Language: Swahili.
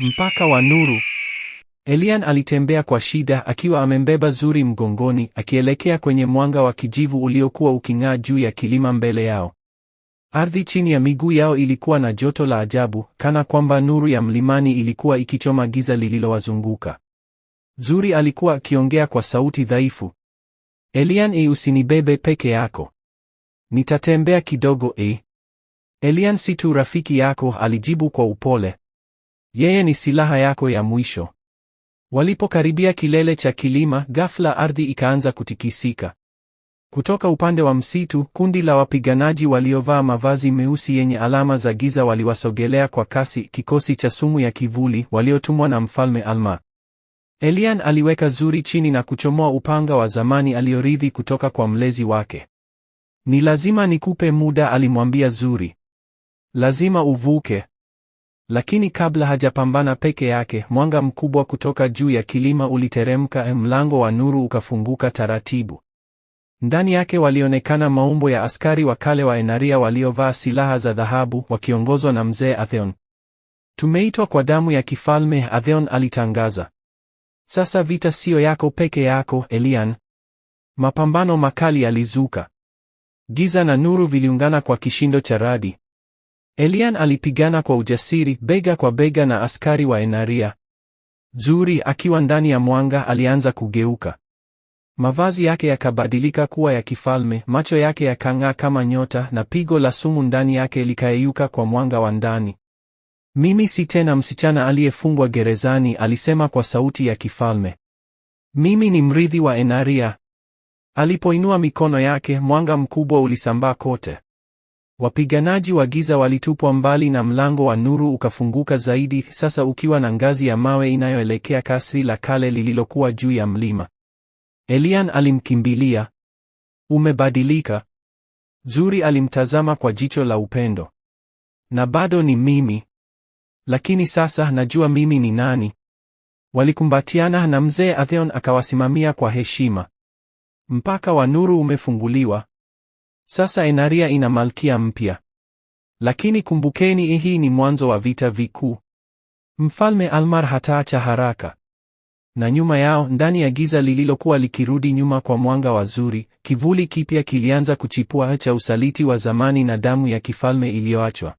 Mpaka wa nuru. Elian alitembea kwa shida akiwa amembeba Zuri mgongoni, akielekea kwenye mwanga wa kijivu uliokuwa uking'aa juu ya kilima mbele yao. Ardhi chini ya miguu yao ilikuwa na joto la ajabu, kana kwamba nuru ya mlimani ilikuwa ikichoma giza lililowazunguka. Zuri alikuwa akiongea kwa sauti dhaifu. Elian, e, usinibebe peke yako, nitatembea kidogo. E, Elian si tu rafiki yako, alijibu kwa upole, yeye ni silaha yako ya mwisho. Walipokaribia kilele cha kilima, ghafla ardhi ikaanza kutikisika. Kutoka upande wa msitu, kundi la wapiganaji waliovaa mavazi meusi yenye alama za giza waliwasogelea kwa kasi, kikosi cha sumu ya kivuli waliotumwa na Mfalme Alma. Elian aliweka zuri chini na kuchomoa upanga wa zamani aliorithi kutoka kwa mlezi wake. Ni lazima nikupe muda, alimwambia Zuri. Lazima uvuke. Lakini kabla hajapambana peke yake, mwanga mkubwa kutoka juu ya kilima uliteremka, eh, mlango wa nuru ukafunguka taratibu. Ndani yake walionekana maumbo ya askari wa kale wa Enaria waliovaa silaha za dhahabu wakiongozwa na mzee Atheon. Tumeitwa kwa damu ya kifalme, Atheon alitangaza. Sasa vita siyo yako peke yako, Elian. Mapambano makali yalizuka. Giza na nuru viliungana kwa kishindo cha radi. Elian alipigana kwa ujasiri bega kwa bega na askari wa Enaria. Zuri akiwa ndani ya mwanga alianza kugeuka. Mavazi yake yakabadilika kuwa ya kifalme, macho yake yakang'aa kama nyota na pigo la sumu ndani yake likayeyuka kwa mwanga wa ndani. Mimi si tena msichana aliyefungwa gerezani, alisema kwa sauti ya kifalme. Mimi ni mrithi wa Enaria. Alipoinua mikono yake, mwanga mkubwa ulisambaa kote. Wapiganaji wa giza walitupwa mbali na mlango wa nuru ukafunguka zaidi, sasa ukiwa na ngazi ya mawe inayoelekea kasri la kale lililokuwa juu ya mlima. Elian alimkimbilia. Umebadilika. Zuri alimtazama kwa jicho la upendo. Na bado ni mimi. Lakini sasa najua mimi ni nani. Walikumbatiana na mzee Atheon akawasimamia kwa heshima. Mpaka wa nuru umefunguliwa. Sasa Enaria ina malkia mpya. Lakini kumbukeni, eh, hii ni mwanzo wa vita vikuu. Mfalme Almar hataacha haraka. Na nyuma yao, ndani ya giza lililokuwa likirudi nyuma kwa mwanga wa Zuri, kivuli kipya kilianza kuchipua cha usaliti wa zamani na damu ya kifalme iliyoachwa.